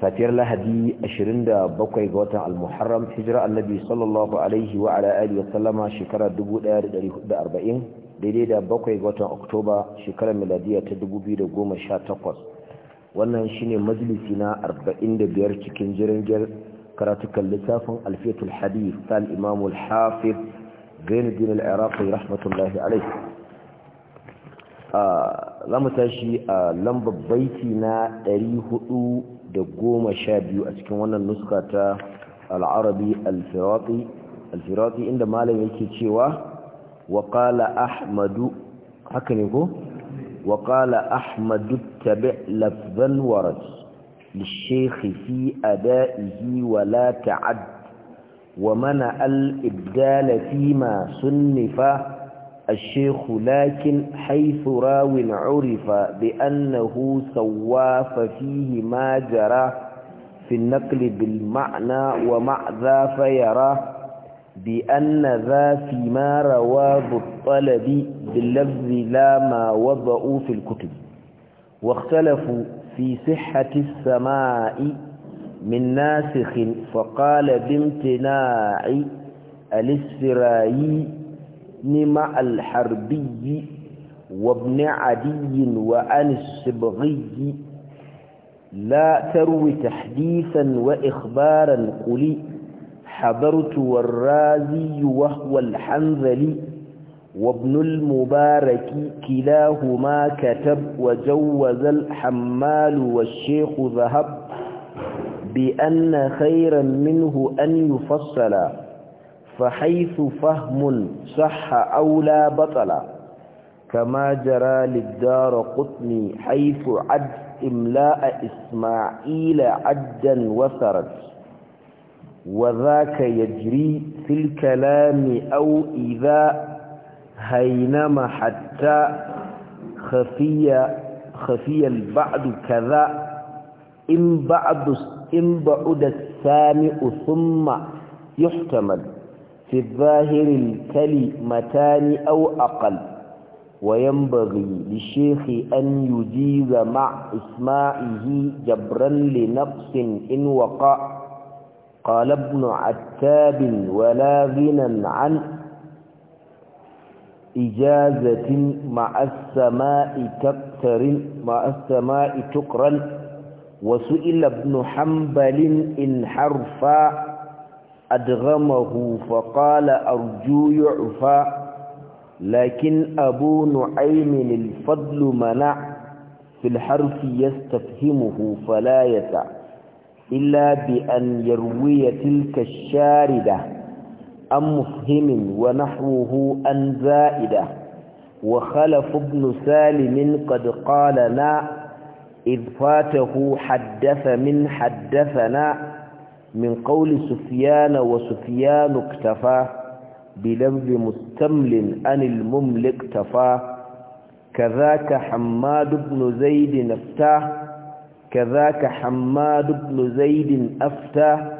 safiyar lahadi 27 ga watan al-muharram hijira annabi sallallahu alaihi wa ala alihi wasallama shekara 1440 daidai da 7 ga watan oktoba shekarar miladiya ta 2018 wannan shine majalisi na 45 cikin jirgin karatukan littafin alfiyatul hadith ta al-imam al-hafiz zainuddin al-iraqi rahmatullahi alaihi ah, za mu tashi a lambar baiti na 400 da goma sha biyu a cikin wannan nuska ta al'arabi al inda malam yake cewa waƙala ahmadu haka ne ko? waƙala ahmadu tabi lafzan warat lishekhi fi ada'ihi wa la ta'ad wa mana al'ibdala fi ma sunnifa الشيخ لكن حيث راو عرف بأنه سوى ففيه ما جرى في النقل بالمعنى ومع ذا فيرى بأن ذا فيما روى بالطلب باللفظ لا ما وضعوا في الكتب واختلفوا في صحة السماء من ناسخ فقال بامتناع الاسترائي مع الحربي وابن عدي وعن السبغي لا تروي تحديثا وإخبارا قلي حضرت والرازي وهو الحنذلي وابن المبارك كلاهما كتب وجوز الحمال والشيخ ذهب بأن خيرا منه أن يفصلا فحيث فهم صح أو لا بطل كما جرى للدار قطني حيث عد إملاء إسماعيل عدا وثرت وذاك يجري في الكلام أو إذا هينما حتى خفي خفي البعد كذا إن بعد إن بعد السامع ثم يحتمل في الظاهر الكلمتان أو أقل وينبغي للشيخ أن يجيز مع إسماعه جبرا لنقص إن وقع قال ابن عتاب ولا غنى عن إجازة مع السماء تقتر مع السماء تقرن وسئل ابن حنبل إن حرفا أدغمه فقال أرجو يعفى لكن أبو نعيم الفضل منع في الحرف يستفهمه فلا يسع إلا بأن يروي تلك الشاردة ام مفهم ونحوه أن زائدة وخلف ابن سالم قد قالنا إذ فاته حدث من حدثنا من قول سفيان وسفيان اكتفى بلفظ مستمل عن المملك اكتفى كذاك حماد بن زيد افتاه كذاك حماد بن زيد افتاه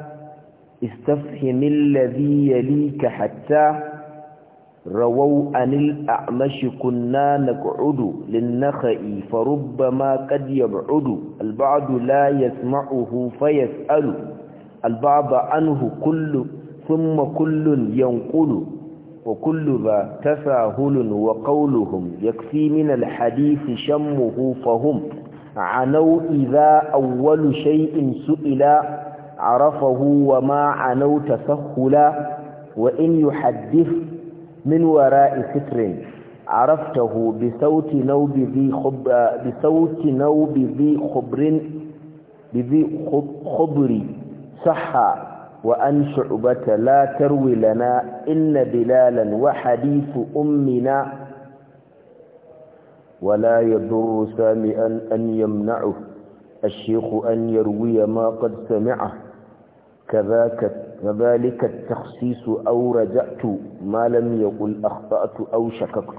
استفهم الذي يليك حتى رووا عن الأعمش كنا نقعد للنخئ فربما قد يبعد البعض لا يسمعه فيسأل البعض عنه كل ثم كل ينقل وكل ذا تساهل وقولهم يكفي من الحديث شمه فهم عنوا إذا أول شيء سئلا عرفه وما عنوا تسهلا وإن يحدث من وراء ستر عرفته بصوت نوب ذي خب بصوت نوب ذي خبر بذي خبري صح وأن شعبة لا تروي لنا إن بلالا وحديث أمنا ولا يضر سامعا أن يمنعه الشيخ أن يروي ما قد سمعه كذاك كذلك التخصيص أو رجعت ما لم يقل أخطأت أو شككت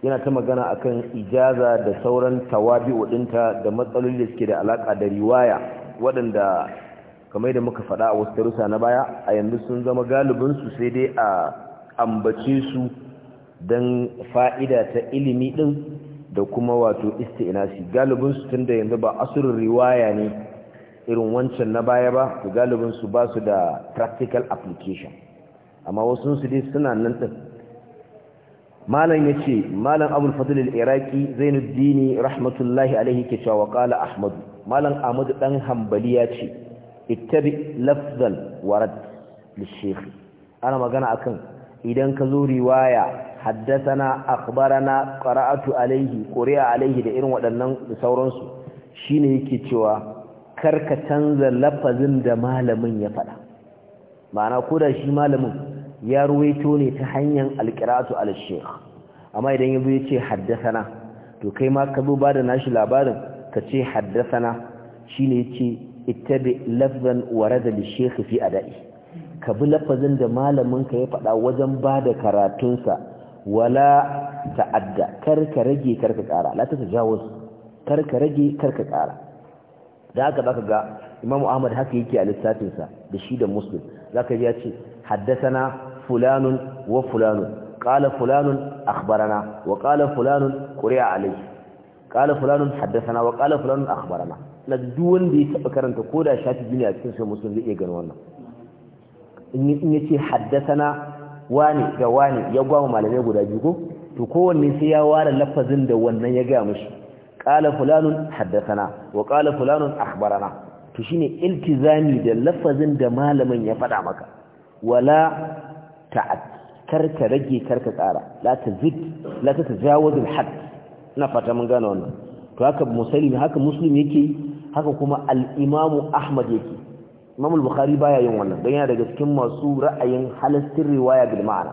yana ta magana akan ijaza da sauran tawabi'u dinta da matsalolin da suke da alaka da riwaya waɗanda kamar da muka faɗa a wasu tarusa na baya a yanzu sun zama galibinsu sai dai a ambace su don fa'ida ta ilimi ɗin da kuma wato isti'inasi galibinsu tun da yanzu ba asirin riwaya ne irin wancan na baya ba galibinsu ba su da practical application amma wasu su dai suna nan malam ya ce malam abul Fadil al-iraqi zainuddin rahmatullahi alaihi ke cewa qala ahmad malam ahmad dan hanbali ya ce ittabi lafzan warad lishekh ana magana akan idan ka zo riwaya haddathana akhbarana qara'atu alaihi quri'a alaihi da irin waɗannan sauransu shine yake cewa karka canza lafazin da malamin ya faɗa ma'ana da shi malamin ya ruwaito ne ta hanyar alƙiratu al-sheikh amma idan yabo yace haddathana to kai ma ka zo bada nashi labarin ka ce haddathana shine yace ittabi lafzan warada al-sheikh fi ada'i ka bi lafazin da malamin ka ya faɗa wajen bada da karatunsa wala ta'adda kar ka rage kar ka ƙara la tajawuz kar ka rage kar ka ƙara da haka zaka ga imamu ahmad haka yake a lissafinsa da shi da muslim zaka ji ya ce haddathana fulanun wa fulanun qala fulanun akhbarana wa qala fulanun quri'a alayhi qala fulanun haddathana wa fulanun akhbarana na wanda ya taba karanta koda shafi biyu a cikin sai musulmi zai iya gano in yace haddathana wani da wani ya gwamu malamai guda biyu to kowanne sai ya ware lafazin da wannan ya ga mashi. qala fulanun haddathana wa fulanun to shine iltizami da lafazin da malamin ya faɗa maka wala ta'ad karka rage karka tsara la tazid la al had ina fata mun gane wannan to haka musulmi haka muslim yake haka kuma al-imamu ahmad yake imam al-bukhari baya yin wannan dan yana daga cikin masu ra'ayin halastin riwaya bil ma'ana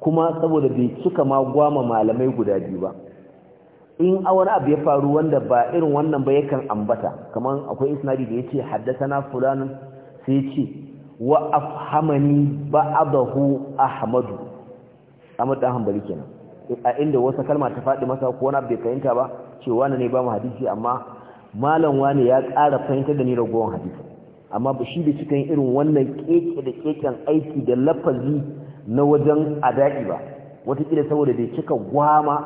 kuma saboda bai cika ma gwama malamai guda biyu ba in a abu ya faru wanda ba irin wannan ba yakan ambata kaman akwai isnadi da yace haddathana fulanun sai yace wa afhamani amadu, ahmadu amma dan hanbali kenan a inda wata kalma ta faɗi masa ko wani bai fahimta ba cewa wani ne ba mu hadisi amma malam wani ya ƙara fahimtar da ni ragowar hadisi amma ba shi da cikin irin wannan keke da keken aiki da lafazi na wajen adadi ba watakila saboda bai cika gwama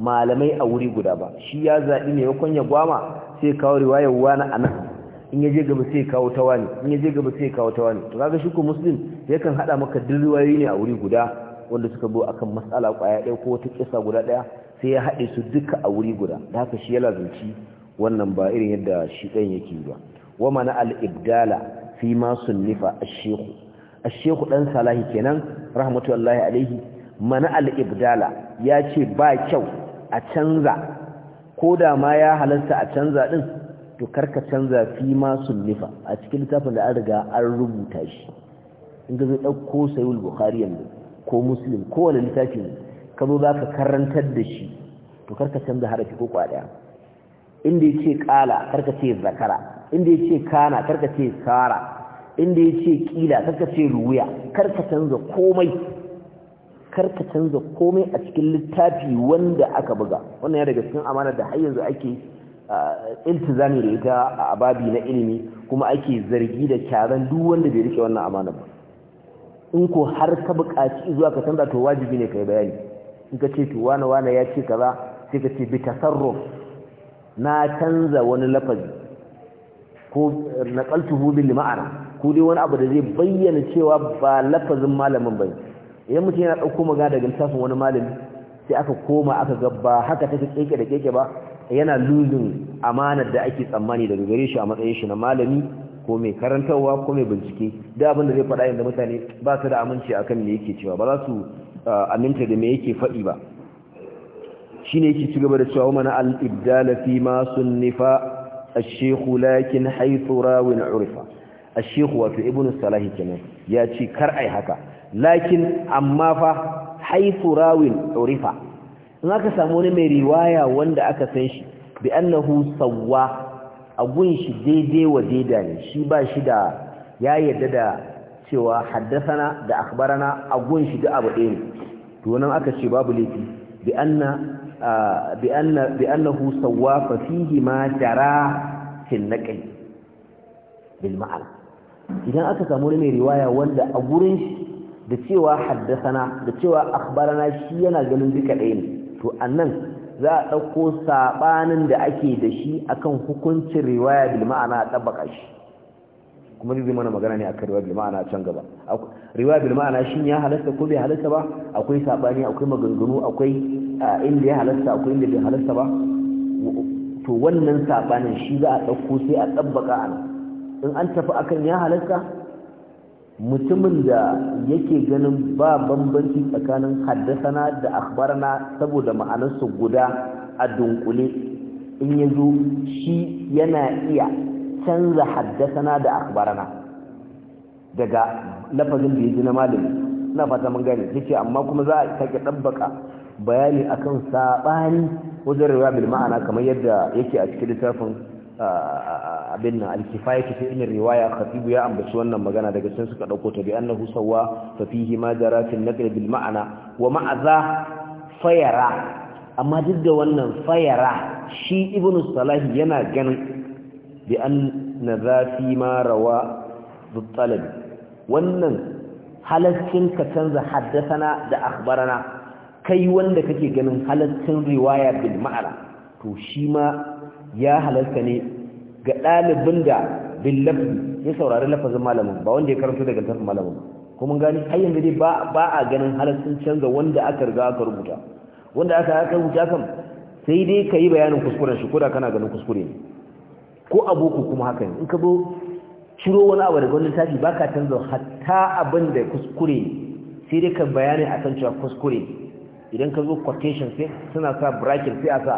malamai a wuri guda ba shi ya zaɓi ne ya gwama sai kawo riwayar wani anan nan in ya je gaba sai kawo ta wani in ya je gaba sai kawo ta wani to kaga shi ko muslim yakan hada maka dirwayi ne a wuri guda wanda suka zo akan mas'ala kwaya ɗaya ko wata kisa guda ɗaya sai ya haɗe su duka a wuri guda da haka shi ya lazunci wannan ba irin yadda shi ɗan yake ba wa mana al-ibdala fi ma sunnifa ash-shaykh ash-shaykh dan salahi kenan rahmatullahi alaihi mana al-ibdala ya ce ba kyau a canza ko da ma ya halarta a canza din to karka canza fi ma sullifa a cikin littafin da an riga an rubuta shi in ga zai ɗauko sayul bukhari yanzu ko muslim wani littafi ne ka zo za ka karantar da shi to karka canza harafi ko ɗaya. inda ya ce ƙala karka ce zakara inda ya ce kana karka ce sara inda ya ce ƙila karka ce ruwiya karka canza komai karka canza komai a cikin littafi wanda aka buga wannan ya daga cikin amana da har yanzu ake iltizami da ita a babi na ilimi kuma ake zargi da kyaran duk wanda bai rike wannan amana ba in ko har ka buƙaci zuwa ka canza to wajibi ne kai bayani in ka ce to wane wane ya ce kaza sai ka ce bi tasarruf na canza wani lafazi ko naqaltuhu bil ma'ana ko dai wani abu da zai bayyana cewa ba lafazin malamin bane idan mutum yana dauko magana daga littafin wani malami sai aka koma aka ga ba haka take keke da keke ba yana lulun amanar da ake tsammani daga gare shi a matsayin shi na malami ko mai karantarwa ko mai bincike da abin da zai faɗa da mutane ba su da aminci akan me yake cewa ba za su ah, aminta da me yake faɗi ba shine yake ci da cewa mana al-ibdal fi ma sunnifa الشيخ لكن حيث راو A الشيخ wato ibn salahi kenan ya ce kar ai haka lakin amma fa haythu rawin urfa in aka samu wani mai riwaya wanda aka san shi bi annahu sawwa a gun shi daidai wa daida ne shi ba shi da ya yarda da cewa haddasana da akhbarana a gun shi da abu ɗaya ne to nan aka ce babu laifi bi anna bi anna bi annahu sawwa fa fihi ma jara fil naqli bil ma'ana idan aka samu wani mai riwaya wanda a gurin shi da cewa haddasana da cewa akhbarana shi yana ganin duka ɗaya ne to annan za a ɗauko saɓanin da ake da shi akan hukuncin riwaya bil ma'ana a ɗabbaka shi kuma zai mana magana ne akan riwaya bil ma'ana can gaba riwaya bil ma'ana shin ya halasta ko bai halasta ba akwai saɓani akwai maganganu akwai inda ya halasta akwai inda bai halasta ba to wannan saɓanin shi za a ɗauko sai a ɗabbaka a in an tafi akan ya halasta mutumin da yake ganin ba bambanci tsakanin haddasana da akhbarana saboda ma'anarsa guda a dunkule in ya zo shi yana iya canza haddasana da akhbarana daga lafazin da ya ji na malami na fata mun gane yace amma kuma za a sake dabbaka bayani akan sabani wajen rawa ma'ana kamar yadda yake a cikin littafin abin nan alkifayatu fi ilmi riwaya khatibu ya ambaci wannan magana daga cikin suka dauko ta bi annahu sawwa fa fihi ma jara fi bil ma'ana wa ma'aza fayara amma duk da wannan fayara shi ibnu salahi yana ganin bi anna za ma rawa bi wannan halaccin ka canza haddasana da akhbarana kai wanda kake ganin halaccin riwaya bil ma'ana to shi ma ya halarta ne ga ɗalibin da bin ya saurari lafazin malamin ba wanda ya karanto daga tafi malamin kuma mun gani har yanzu dai ba a ganin halittun canza wanda aka riga aka rubuta wanda aka aka rubuta kan sai dai ka yi bayanin kuskuren shi koda kana ganin kuskure ne ko aboko kuma haka in ka zo ciro wani abu daga wani tafi baka ka canza hatta abin da kuskure sai dai ka bayanin a kan cewa kuskure idan ka zo quotation sai suna sa bracket sai a sa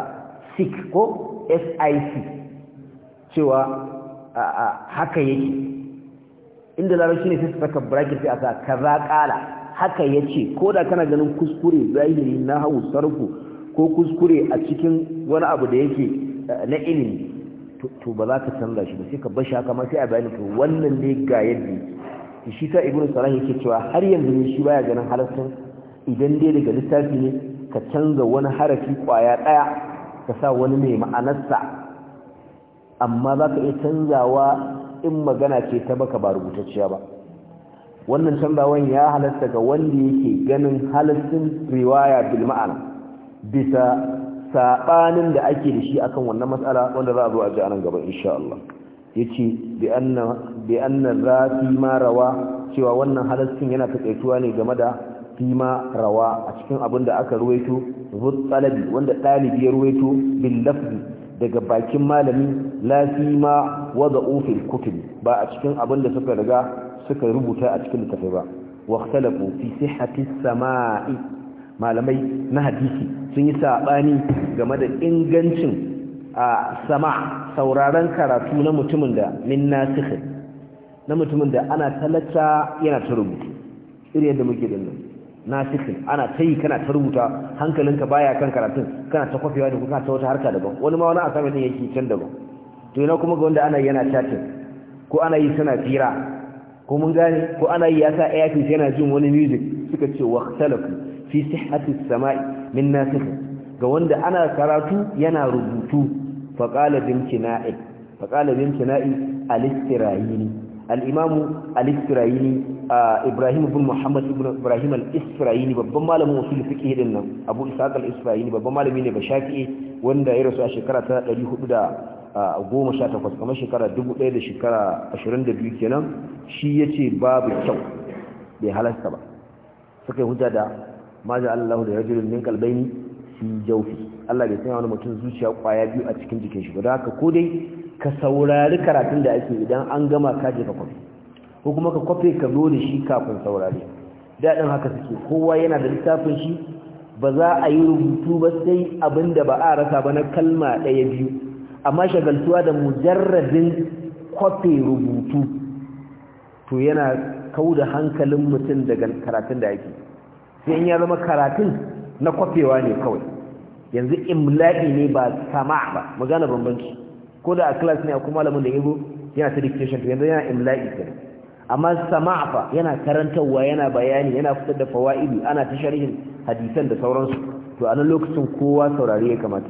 sick ko sic cewa haka yake inda larabci ne sai su saka bracket sai a sa kaza kala haka yace ko da kana ganin kuskure zahiri na hawu sarfu ko kuskure a cikin wani abu da yake eh, na ilimi to ba za ka canza shi ba sai ka bashi haka ma sai a bayani to wannan ne ga yadda shi ta ibnu salah yake cewa har yanzu ne shi baya ganin halaccin idan dai daga littafi ne ka canza wani harafi kwaya daya ka sa wani mai ma'anarsa amma za ka iya canzawa in magana ce ta baka ba rubutacciya ba wannan canzawan ya halatta ga wanda yake ganin halittun riwaya bil ma'ana bisa saɓanin da ake da shi akan wannan matsala wanda za a zo a ji anan gaba insha Allah yace bi bi anna zafi ma rawa cewa wannan halittun yana takaituwa ne game da fima rawa a cikin abin da aka ruwaito zuwa tsalabi wanda ɗalibiyar ya ruwaito bin lafzi daga bakin malami la fi ma wada ofin kutubi ba a cikin abin da suka riga suka rubuta a cikin littafi ba waktalafu fi sihati sama'i malamai na hadisi sun yi saɓani game da ingancin a sama sauraron karatu na mutumin da min nasihin na mutumin da ana talata yana ta rubuta iri yadda muke da nan nasihin ana ta yi kana ta rubuta hankalinka baya kan karatun kana ta kwafewa da kuka ta wata harka daban wani ma wani a asamin yake can daban to ina kuma ga wanda ana yana chatting ko ana yi suna fira ko mun gane ko ana yi ya sa airpiece yana jin wani music suka ce waqtalaku fi sihhati as-sama'i min nasikh ga wanda ana karatu yana rubutu faqala bimtina'i faqala bimtina'i al-istirayini al-imam al-istirayini Ibrahim ibn Muhammad ibn Ibrahim al-Israyini babban malamin usul fiqh din nan Abu Ishaq al-Israyini babban malami ne ba Shafi'i wanda ya rasu a shekara ta 400 goma sha takwas kamar shekara dubu ɗaya da shekara ashirin da biyu kenan shi ya ce babu kyau bai halasta ba suka yi hujja da maza allahu da rajulun min kalbaini fi jaufi Allah bai sanya wani mutum zuciya kwaya biyu a cikin jikin shi don haka ko dai ka saurari karatun da ake idan an gama ka je ka kwafi ko kuma ka kwafi ka zo da shi kafin saurari daɗin haka suke kowa yana da littafin shi ba za a yi rubutu ba sai abin da ba a rasa ba na kalma ɗaya biyu amma shagaltuwa da mujarrabin kwafe rubutu to yana kau da hankalin mutum daga karatun da yake sai ya zama karatun na kwafewa ne kawai yanzu imla'i ne ba sama ba magana bambanci ko da a class ne kuma malamin da yabo yana ta dictation to yanzu yana imla'i ta. amma sama fa yana karantarwa yana bayani yana fitar da fawaidi ana ta sharhin hadisan da sauransu to a nan lokacin kowa saurari ya kamata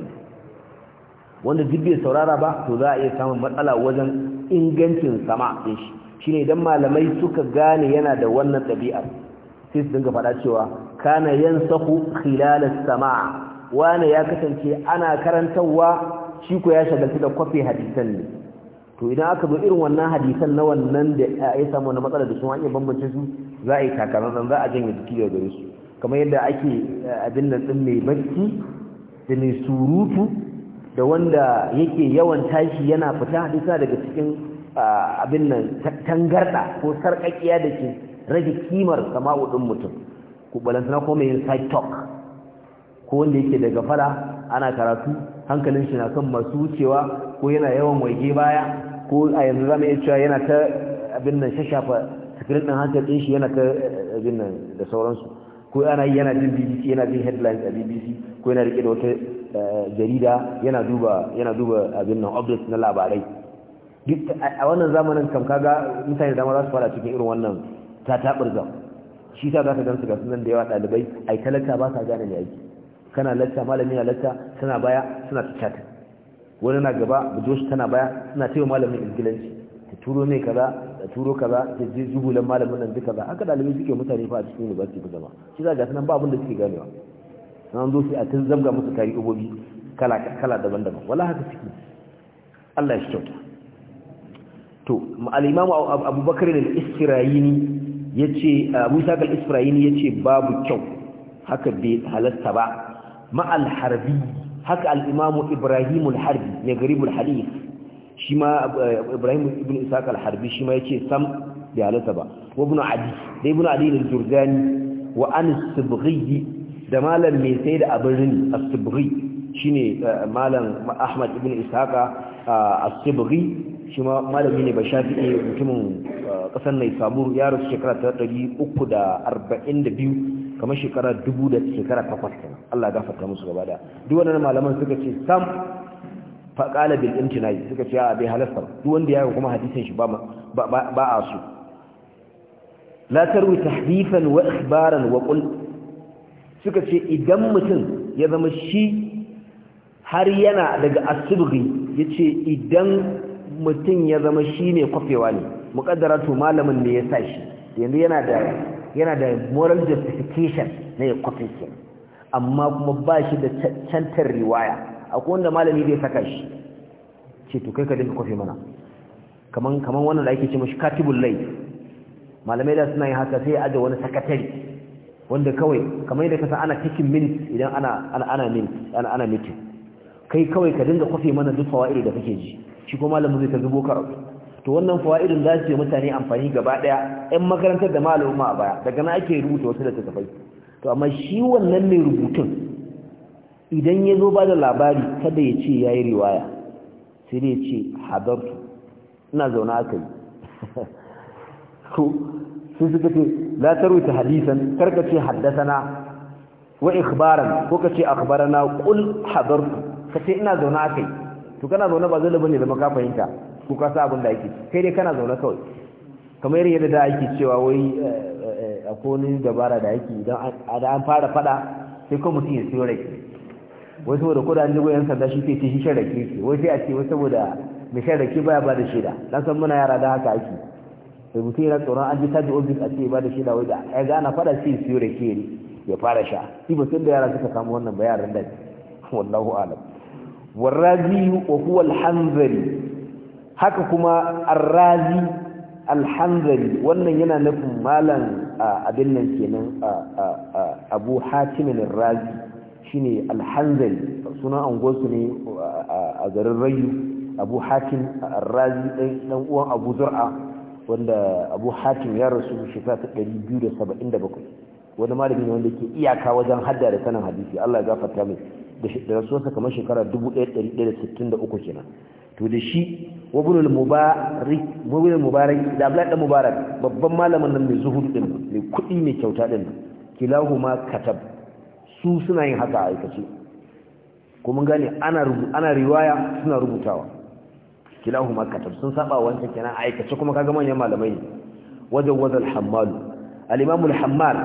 wanda duk bai saurara ba to za a iya samun matsala wajen ingancin sama din shi shine idan malamai suka gane yana da wannan ɗabi'a sai su dinga faɗa cewa kana yansahu khilal sama wani ya kasance ana karantawa shi ko ya shagaltu da kwafi hadisan ne to idan aka zo irin wannan hadisan na wannan da ya samu wani matsala da su an iya bambance su za a yi takarar za a janye jiki da gare su kamar yadda ake eh, abin nan din mai bacci da mai surutu da wanda yake yawan tashi yana fita duka daga cikin abin nan tangarda ko sarƙaƙiya da ke rage kimar sama'u ɗin mutum ku balantana ko mai yin side talk ko wanda yake daga fara ana karatu hankalin shi na kan masu wucewa ko yana yawan waige baya ko a yanzu mu iya cewa yana ta abin nan shashafa sikirin ɗin ɗin shi yana ta abin nan da sauransu ko yana yana jin BBC yana jin headlines a BBC ko yana rike da wata Eh, jarida yana duba yana duba abin nan updates na labarai duk a wannan zamanin kam kaga mutane da dama za su fara cikin irin wannan ta burga shi ta za ka gansu ga sunan da yawa dalibai ai talaka ba sa gane ne aiki kana lacca malami na lacca suna baya suna chat wani na gaba shi tana baya suna cewa malamin ingilanci ta turo ne kaza ta turo kaza ta je zuhulan malamin nan duka ba haka dalibai suke mutane fa a cikin university ba shi zaka ga sunan ba abin da suke ganewa an zo sai a tun zabga musu kari ubobi kala daban-daban wala haka suke Allah ya shi kyauta to al'imamu abubakar da isra'ini ya ce musa uh, ga isra'ini ya ce babu kyau haka bai halasta ba ma'al harbi haka al'imamu ibrahim al-harbi ya garibul hadith shi ma uh, ibrahim ibn isaac al-harbi shi ma ya ce sam bai halasta ba wa ibn adi da ibn adi da jurgani wa an sibghi da malam mai sai da abin rini as-sibghi shine eh, malam Ahmad ibn Isaka eh, as-sibghi shi ma malami ne ba shafi'i mutumin kasar eh, mai samu yaro shekara ta ɗari uku da arba'in da biyu kamar shekara dubu da shekara takwas Allah gafarta musu gaba da duk wannan malaman suka ce sam faqala bil imtinai suka ce a bai halasta duk wanda ya kuma hadisin shi ba ba a su la tarwi tahdifan wa ikhbaran wa qul suka ce idan mutum ya zama shi har yana daga asibiri ya ce idan mutum ya zama shi ne kwafewa ne mukaddara to malamin ne ya sa shi yanzu yana da yana da moral justification na ya kwafe ke amma kuma ba shi da cancantar riwaya akwai wanda malami zai saka shi ce to kai ka dinka kwafe mana kaman wannan da ake ce mashi katibun malamai da suna yi haka sai ya ajiye wani sakatari wanda kawai kamar yadda ka san ana taking minutes idan ana ana minutes ana meeting kai kawai ka dinga kwafe mana duk fawaidi da kake ji shi kuma malamin zai ta zubo karatu to wannan fawaidin za su yi mutane amfani gaba daya ɗan makarantar da maluma a baya daga na ake rubuta wasu da ta tafai to amma shi wannan mai rubutun idan ya zo ba da labari kada ya ce ya yi riwaya sai dai ya ce hadartu ina zaune aka yi Sun suka ce la tarwita hadisan karka ce haddasana wa ikhbaran ko kace akhbarana qul hadartu kace ina zauna kai to kana zauna ba zalaba ne da maka fahimta ko ka sa abin da yake kai dai kana zauna kawai kamar yadda da ake cewa wai eh, eh, akwai ni dabara da yake idan an fara fada sai ko mutum ya siyo rake wai saboda ko da an jigo yan sanda shi sai shi shan rake wai sai a ce wai saboda mai shan rake baya ba da shaida dan san muna yara da haka ake sai mutum yana tsoro an ji taji ofis a ce ba da shida wai da ya gana fada shi siyo rake ne ya fara sha shi ba sun da yara suka samu wannan ba yaran da wallahu alam warrazi wa huwa alhanzari haka kuma arrazi alhanzari wannan yana nufin malam abin nan kenan abu hatimin razi shine alhanzari sunan angosu ne a garin rayu abu hatim arrazi dan uwan abu zur'a wanda abu hatim ya rasu shekara ta 277 wani malami ne wanda ke iyaka wajen hadda da sanin hadisi Allah ya gafarta mai da rasuwarsa kamar shekara 1163 kenan to da shi wabunul mubarak wabunul mubarak da Abdullahi dan Mubarak babban malamin nan mai zuhud din mai kudi mai kyauta din ma katab su suna yin haka aikace kuma gane ana ana riwaya suna rubutawa kilahuma katab sun saba wancan kenan aikace kuma kaga manyan malamai ne wajen wazal hammal al-imam al-hammal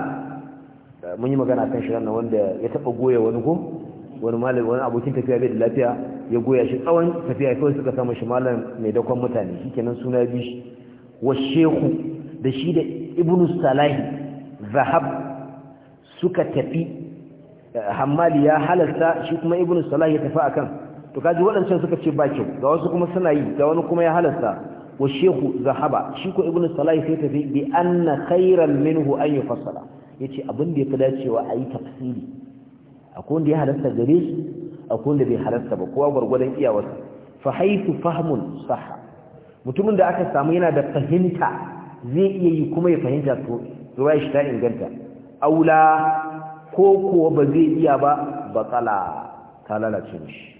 mun yi magana kan shi ranar wanda ya taba goya wani ko wani malami wani abokin tafiya bai da lafiya ya goya shi tsawon tafiya kawai suka samu shi malam mai dakon mutane shikenan suna bi shi wa shehu da shi da ibnu salahi zahab suka tafi hammali ya halarta shi kuma ibnu salahi ya tafi akan to kaji waɗancan suka ce ba kyau ga wasu kuma suna yi ga wani kuma ya halasta wa shehu zahaba shi ko ibnu salah sai tafi bi anna khairan minhu an yufassala yace abin da yafi dacewa a yi tafsiri akwai wanda ya halasta gare shi akwai wanda bai halasta ba kowa gwargwadon iyawarsa fa haythu fahmun sahha mutumin da aka samu yana da fahimta zai iya yi kuma ya fahimta to ruwa shi ta inganta aula ko kuwa ba zai iya ba batsala ta lalace mishi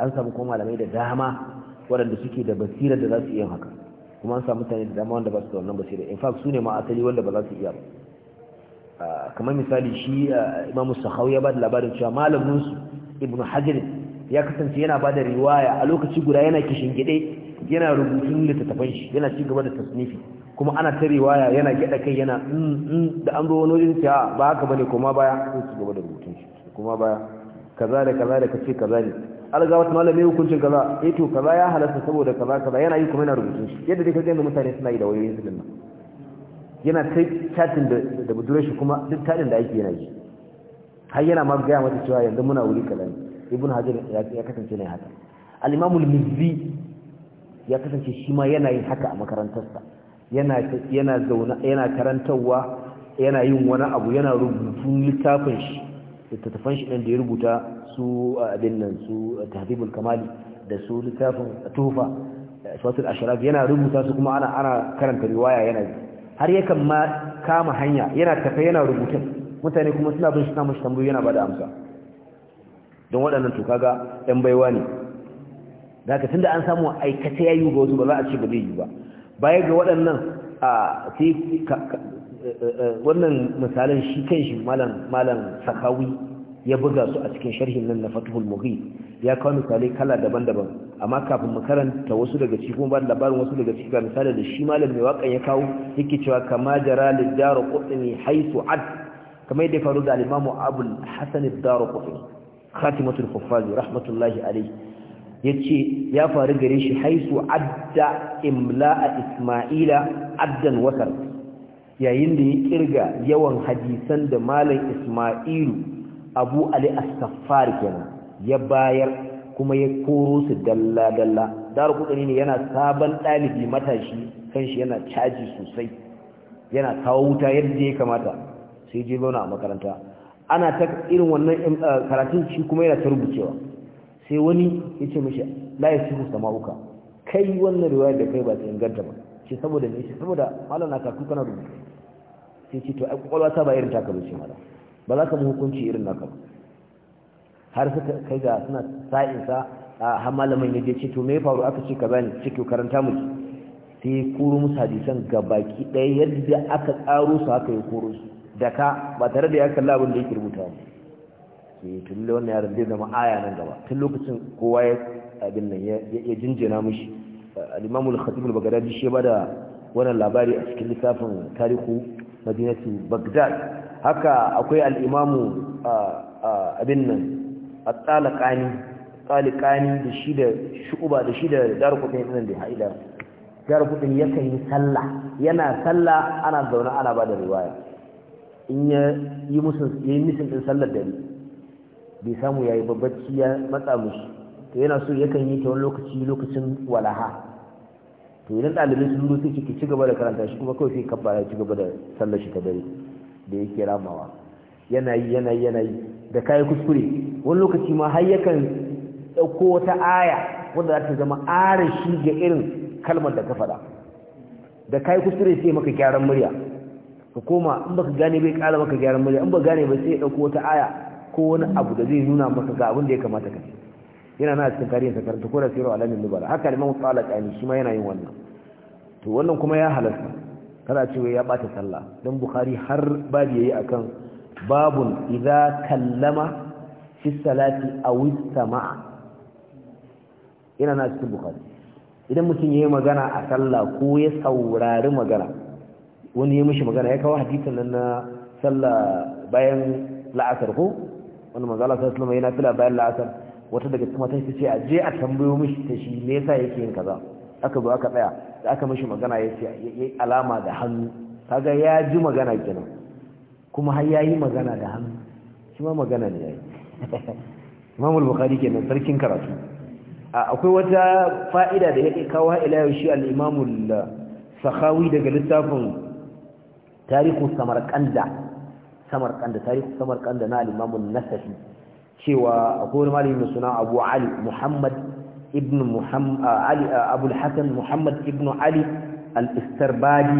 an samu kuma malamai da dama waɗanda suke da basira da za su iya haka kuma an samu mutane da dama wanda ba su da wannan basira in fact su ne ma asali wanda ba za su iya ba ah, kamar misali shi ah, imamu sahau ya ba da labarin cewa su ibnu hajar ya kasance yana bada riwaya a lokaci guda yana kishin gide yana rubutun littattafan shi yana ci gaba da tasnifi kuma ana ta riwaya yana gyada kai yana mm, mm, da an zo wani wajen ta ah, ba haka bane kuma baya sai ci gaba da rubutun shi kuma baya kaza da kaza da kace kaza ne alga wata malamai hukuncin kaza eh to kaza ya halasta saboda kaza kaza yana yi kuma yana rubutun shi yadda dai kaga yanzu mutane suna yi da wayoyin su dinnan yana kai chatting da da budurar shi kuma duk tadin da ake yana yi har yana ma gaya mata cewa yanzu muna wuri kaza ne ibn hajar ya kasance ne haka al-imam al-mizzi ya kasance shi ma yana yin haka a sa yana yana zauna yana karantawa yana yin wani abu yana rubutun littafin shi littattafan shi ɗin da ya rubuta su abin nan su tahdibul kamali da su littafin tufa suratul ashraf yana rubuta su kuma ana ana karanta riwaya yana har yakan ma kama hanya yana tafe yana rubuta mutane kuma suna bin suna mashi tambayoyi yana da amsa don waɗannan to kaga ɗan baiwa ne da tunda an samu aikata ya yi ga wasu ba za a ce ba zai yi ba baya ga waɗannan a wannan misalan shi kan shi malam sakawi ya buga su a cikin sharhin nan na fatuhul mughi ya kawo misalai kala daban-daban amma kafin mu karanta wasu daga cikin kuma labarin wasu daga cikin ga misalai da shi malam mai wakan ya kawo yake cewa kama jara lidaru qutni haisu ad kamar yadda faru da al-imamu abul hasan ad-daru qutni khatimatul huffaz rahmatullahi alayhi yace ya faru gare shi haisu adda imla'a isma'ila addan wasar yayin da ya kirga yawan hadisan da malam Isma'ilu Abu Ali As-Saffar kenan ya bayar kuma ya koro su dalla dalla dar kudani ne yana sabon dalibi matashi kanshi yana caji sosai yana kawo wuta yadda ya kamata sai je zauna a makaranta ana ta irin wannan eh, karatun shi kuma yana ta rubucewa sai wani ya ce mishi la yasihu sama'uka kai wannan riwaya da kai ba su inganta ba shi saboda ne shi saboda malana ka kuka na sai ce to ai kwakwalwa ta ba irin taka bace mala ba za ka mu hukunci irin naka ba har suka kai ga suna sa'in sa har malamin ya je ce to me ya faru aka ce ka ne cikin karanta mu sai koro musu hadisan gabaki ɗaya yadda aka tsaro su haka ya koro su da ka ba tare da ya kalla abin da ya rubuta ba sai tun da wannan yaron zai zama aya nan gaba tun lokacin kowa ya abin nan ya jinjina mishi al-imamul khatib al bagdadi shi ba da wannan labari a cikin littafin tarihu madinati bagdad haka akwai al'imamu abin nan a tsalikani da shi da shuba da shi da darukutun yanar da haida darukutun yakan yi sallah yana sallah ana zaune ana ba da riwaya in ya yi musun ɗin sallar dare bai samu ya yi babbaci ya matsa mushi to yana so yakan yi ta wani lokaci lokacin walaha to idan ɗalibai sun zo sai ki ci gaba da karanta shi kuma kawai sai kabbara ci gaba da sallar shi ta dare da yake ramawa yana yi yana yi yana yi da kai kuskure wani lokaci ma har yakan ɗauko wata aya wanda za ta zama arashi ga irin kalmar da ka faɗa da kai kuskure sai maka gyaran murya ka koma in baka gane bai kara maka gyaran murya in ba gane ba sai ya ɗauko wata aya ko wani abu da zai nuna maka ga abin da ya kamata ka ci yana na cikin tarihin sa karanta ko da siru alamin nubala haka liman tsalakani shi ma yana yin wannan to wannan kuma ya halasta kada ce ya bata sallah dan bukhari har babu yayi akan babun idza kallama fi salati aw istama'a yana na cikin bukhari idan mutum yayi magana a sallah ko ya saurari magana wani ya mishi magana ya kawo hadisin nan na sallah bayan la'asar ko wani manzo Allah sallallahu alaihi wasallam yana fila bayan la'asar wata daga cikin matan ta ce a je a tambayo mishi ta shi me yasa yake yin kaza aka zo aka tsaya da aka mishi magana ya ce alama da hannu kaga ya ji magana kenan kuma har yayi magana da hannu shi ma magana ne yayi Imam al-Bukhari kenan sarkin karatu akwai wata fa'ida da yake kawo ila yau shi al-Imam al-Sakhawi daga littafin Tarihu Samarkanda Samarkanda Tarihu Samarkanda na al-Imam an-Nasafi cewa akwai wani malami mai suna abu ali muhammad ibn ah, ah, muhammad ibn ali al-istarbadi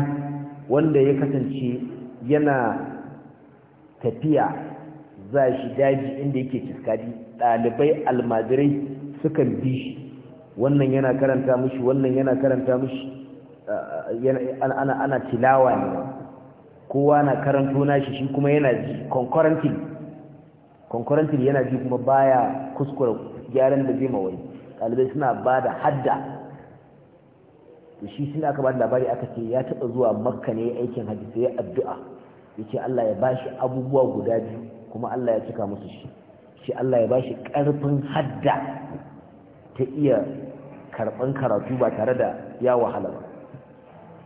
wanda ya kasance yana tafiya za shi daji inda yake kiskadi ɗalibai almajirai sukan bi shi wannan yana karanta mushi wannan yana karanta mushi ah, ana tilawa ne kowa na karanto nashi shi kuma yana ji concurrently concurrently yana ji kuma baya kuskure gyaran da zai ma wani ɗalibai suna ba da hadda da shi suna aka ba da labari aka ce ya taɓa zuwa makka ne aikin hajji sai addu'a ya ce Allah ya bashi abubuwa guda biyu kuma Allah ya cika musu shi shi Allah ya bashi ƙarfin hadda ta iya karɓan karatu ba tare da ya wahala ba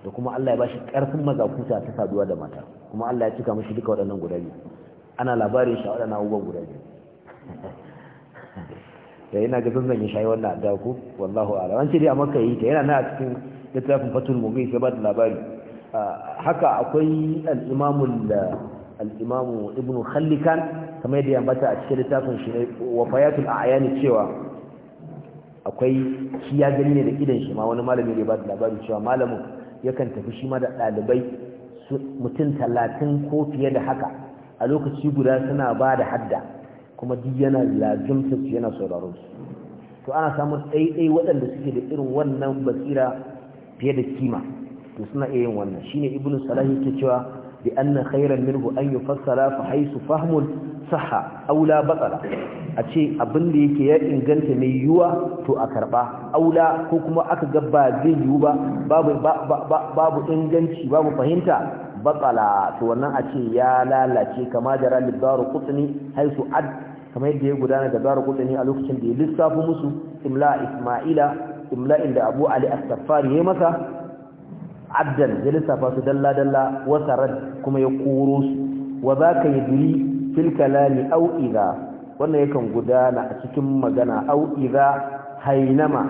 da kuma Allah ya bashi ƙarfin mazakuta ta saduwa da mata kuma Allah ya cika musu duka waɗannan guda biyu ana labarin shi a waɗannan abubuwan guda biyu da yana eh, ga zanzan yi shayi wannan adda ku wallahu ala wance dai a maka yi ta yana na a cikin littafin fatul mughis sai ba da labari ah, haka akwai al-imamu al-imamu ibnu khallikan kamar yadda ya bata a cikin littafin shi fayatul a'yan cewa akwai shi ya gani ne da idan shi ma wani malami ne ba da labari cewa malamin yakan tafi shi ma da ɗalibai mutum talatin ko fiye da haka a lokaci guda suna ba da hadda kuma duk yana lazimta su yana sauraron su to ana samun ɗaiɗai waɗanda suke da irin wannan basira fiye da kima to suna iya yin wannan shine ibnu salah yake cewa bi anna khayran minhu an yufassara fa haythu fahmun sahha aula batala a ce abin da yake ya inganta mai yiwuwa to a karba aula ko kuma aka ga ba zai yiwu ba babu babu inganci babu fahimta batsala to wannan a ce ya lalace kama da ralib daru kutni haisu ad kamar yadda ya gudana da daru kutni a lokacin da ya lissafi musu imla isma'ila imla inda abu ali as ya masa addan ya lissafa su dalla dalla wa sarad kuma ya koro su wa zaka yadri fil kalami aw idha wannan yakan gudana a cikin magana au iza hainama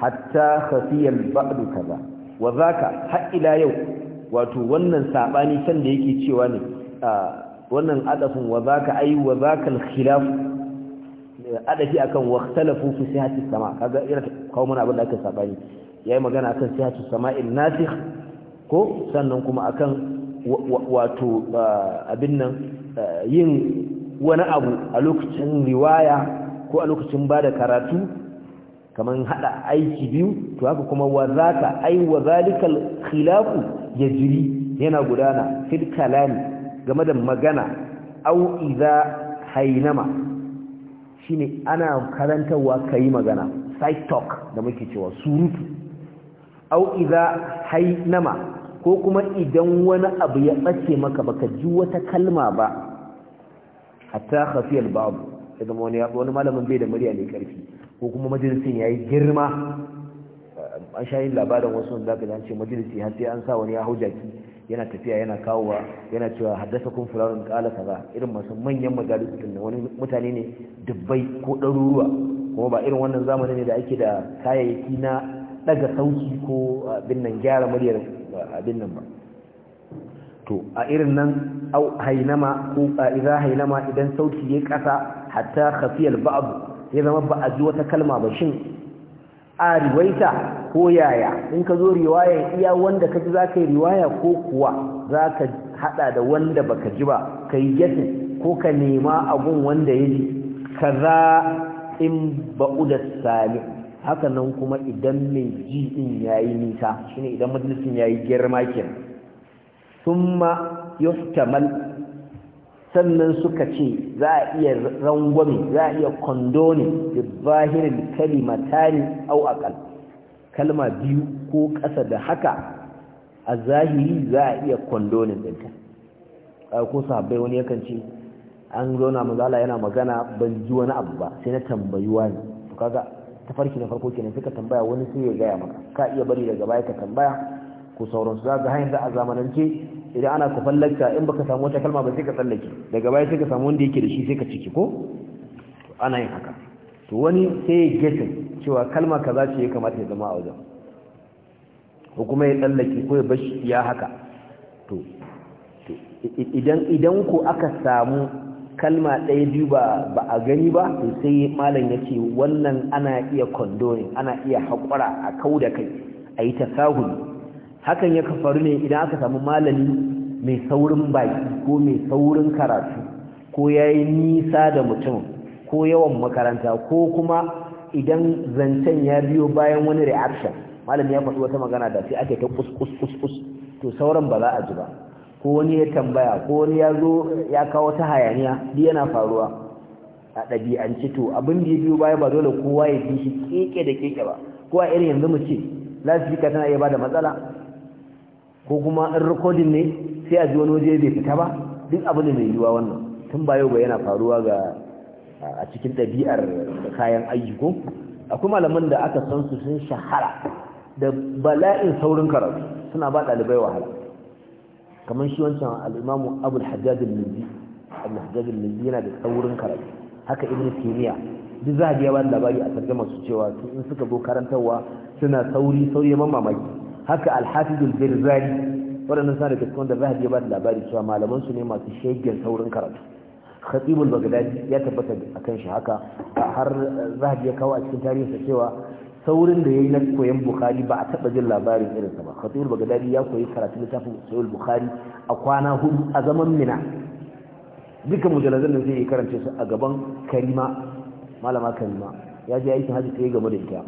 hatta khafiya al-ba'd kaza wa zaka har ila yau wato wannan sabani san da yake cewa ne wannan adafin wa zaka ay wa zaka khilaf adafi akan waqtalafu fi sihhati sama kaga irin kawo mana abin da aka sabani yayi magana akan sihhati sama'in nasikh ko sannan kuma akan wato abin nan yin wani abu a lokacin riwaya ko a lokacin bada karatu kaman hada aiki biyu to haka kuma wa zaka ay wa zalikal khilafu ya jiri yana gudana fil kalami game da magana au idza hainama shine ana karantarwa kai magana side talk da muke cewa surutu au idza hainama ko kuma idan wani abu ya bace maka baka ji wata kalma ba hatta al babu idan wani wani malamin bai da murya ne karfi ko kuma majalisin yayi girma an sha yin labarin wasu da zaka ce majalisi har sai an sa wani ya hau jaki yana tafiya yana kawowa yana cewa haddasa kun fularun kala kaza irin masu manyan majalisi din wani mutane ne dubbai ko ɗaruruwa kuma ba irin wannan zamanin ne da ake da kayayyaki na daga sauki ko abin nan gyara muryar abin nan ba to a irin nan au hainama ko idza hainama idan sauti ya kasa hatta khafiyal ba'd ya zama ba a ji wata kalma ba shin a riwaita ko yaya in ka zo riwaya iya wanda ka ji za ka yi riwaya ko kuwa za ka haɗa da wanda baka ji ba ka yi ko ka nema abun wanda ya ji kaza in ba'u da sami haka nan kuma idan mai ji din ya yi nisa shine idan majalisin ya yi girma kenan sun ma yuhtamal sannan suka ce za a iya rangwame za a iya kondone da zahirin kalimatani au akal kalma biyu ko ƙasa da haka a zahiri za a iya kondonin ɗinta ko sahabbai wani yakan ce an zauna mazala yana magana ban ji wani abu ba sai na tambayi wani. to kaga ta farki na farko kenan suka tambaya wani sai ya gaya maka ka iya bari daga baya ka tambaya ko sauransu za ga hanyar a zamanance idan ana kufan lakta in baka samu wata kalma ba sai ka tsallake daga baya sai ka samu wanda yake da shi sai ka ciki ko ana yin haka to wani sai ya gesa cewa kalma kaza ce ya kamata ya zama a wajen ko kuma ya tsallake ko ya bashi ya haka to idan idan ku aka samu kalma ɗaya biyu ba ba a gani ba to sai malam ya ce wannan ana iya ne, ana iya haƙura a kau da kai a yi hakan ya kafaru ne idan aka samu malami mai saurin baki ko mai saurin karatu ko ya yi nisa da mutum ko yawan makaranta ko kuma idan zancen ya biyo bayan wani reaction malami ya faɗi wata magana da sai ake ta kus to sauran ba za a ji ba ko wani ya tambaya ko wani ya zo ya kawo ta hayaniya duk yana faruwa a ɗabi'ance to abin da ya biyo baya ba dole kowa ya bi shi keke da keke ba kowa irin yanzu mu ce lasifika tana iya ba da matsala ko kuma in rikodin ne sai a ji wani waje bai fita ba duk abu ne mai yiwuwa wannan tun ba yau ba yana faruwa ga a cikin ɗabi'ar kayan ayyuko akwai malaman da aka san su sun shahara da bala'in saurin karatu suna ba ɗalibai wahala kamar shi wancan al'imamu abul hajjaj al-mizzi abul hajjaj yana da saurin karatu haka ibnu kimiyya duk za a biya ba labari a tarjama su cewa in suka zo karantarwa suna sauri sauri man mamaki haka alhafizul birzari waɗannan sa da cikin da zahabi ya ba da labari cewa malaman su ne masu shegen saurin karatu khatibul bagdadi ya tabbata akan shi haka har zahabi ya kawo a cikin tarihinsa cewa saurin da yayi na koyon bukhari ba a taba jin labarin irinsa ba khatibul bagdadi ya koyi karatu littafin sahih bukhari a kwana hudu a zaman mina dukkan mujalladun da zai karance su a gaban karima malama karima ya je aikin hajji sai game da ita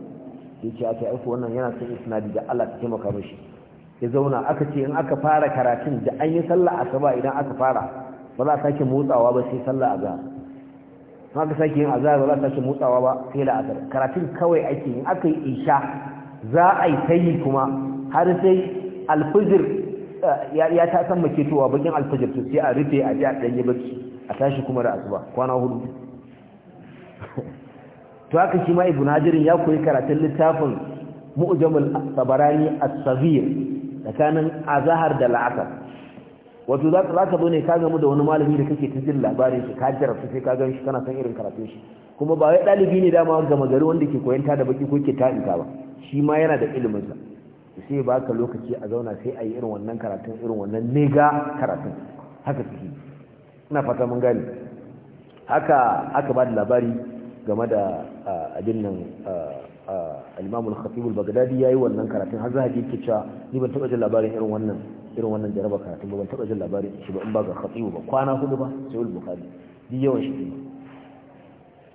sai ce aka aiko wannan yana son isnadi da Allah ta taimaka mishi ya zauna aka ce in aka fara karatun da an yi sallah asuba idan aka fara ba za a sake motsawa ba sai sallah azhar in aka sake yin azhar ba za a sake motsawa ba sai la'asar karatun kawai ake in aka yi isha za a yi tayi kuma har sai alfijir eh, ya ta san maketowa bakin alfijir to sai a rufe a ji a ɗanye bacci a tashi kuma da asuba kwana hudu to haka shi ma ibn hajirin ya koyi karatun littafin mu'jamul tabarani as-saghir tsakanin azhar da la'asar wato za ka zo ne ka gamu da wani malami da kake tijin labarin shi ka jarabta sai ka gan shi kana san irin karatun shi kuma ba wai dalibi ne dama gama gari wanda ke koyan ta da baki ko ke ta'inka ba shi ma yana da ilimin sa sai ba ka lokaci a zauna sai a yi irin wannan karatun irin wannan ga karatun haka suke ina fata mun gani haka aka ba da labari game da abin nan al-imamul khatibul bagdadi yayi wannan karatun har za yake cewa ni ban taba jin labarin irin wannan irin wannan jaraba karatun ba ban taba jin labarin shi ba in ba ga khatibu ba kwana hudu ba sai al-bukhari di yawan shi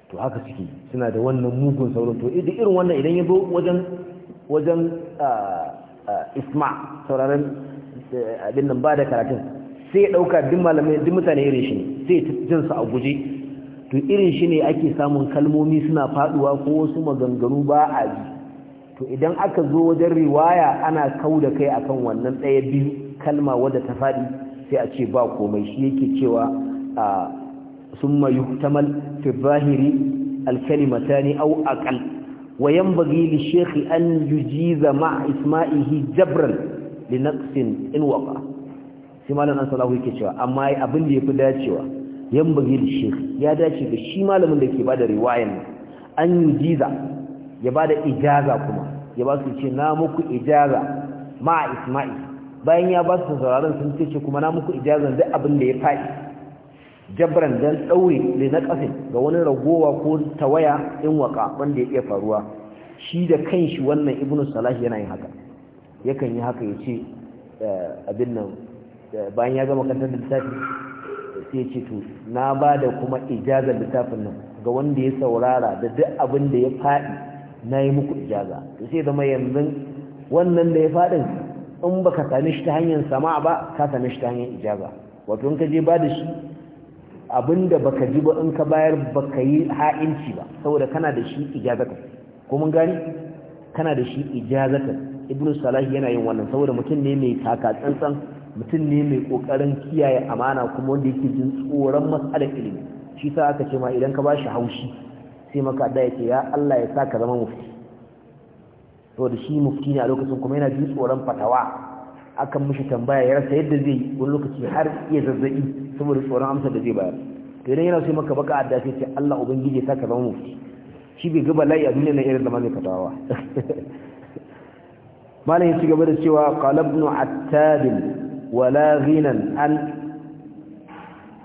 to haka suke suna da wannan mugun sauran to idan irin wannan idan ya zo wajen wajen isma sauraron abin nan ba da karatun sai ya dauka duk malamai duk mutane irin shi sai jin su a guje to irin shi ne ake samun kalmomi suna faduwa ko wasu maganganu ba a ji to idan aka zo wajen riwaya ana kau da kai akan wannan ɗaya biyu kalma wadda ta faɗi sai a ce ba komai shi yake cewa a ta mal? fi zahiri alkalimatani aw au wa wayan li shekhi an yujiza zama isma'ihi jabran li naqsin in sai malam an salahu yake cewa amma abin da fi dacewa yan bagi da shi ya dace da shi malamin da ke ba da riwayan an yi jiza ya ba da ijaza kuma ya ba su ce na muku ijaza ma isma'i bayan ya ba su sauraron sun ce ce kuma na muku ijazan duk abin da ya faɗi jabran dan tsauri da na ga wani ragowa ko tawaya in waka wanda ya iya faruwa shi da kanshi wannan ibnu salah yana yin haka yakan yi haka ya ce eh, abin nan eh, bayan ya gama kantar da littafi sai ce to na ba da kuma ijaza littafin nan ga wanda ya saurara da duk abin da ya faɗi na yi muku ijaza to sai zama yanzu wannan da ya faɗin in ba ka sami shi ta hanyar sama ba ka sami shi ta hanyar ijaza wato in ka je ba da shi abin da ba ka ji ba in ka bayar ba ka yi ha'inci ba saboda kana da shi ijazatar ko mun gani kana da shi ijazatar ibn salahi yana yin wannan saboda mutum ne mai taka tsantsan mutum ne mai kokarin kiyaye amana kuma wanda yake jin tsoron matsalar ilimi shi sa aka ce ma idan ka bashi haushi sai maka da yake ya Allah ya saka zama mufti to da shi mufti ne a lokacin kuma yana jin tsoron fatawa akan mishi tambaya ya rasa yadda zai wani lokaci har iya zazzabi saboda tsoron amsar da zai bayar to idan yana sai maka baka adda sai ce Allah ubangiji ya saka zama mufti shi bai gaba layi a duniya na irin zama zai fatawa malam ya ci gaba da cewa qala wala ghinan an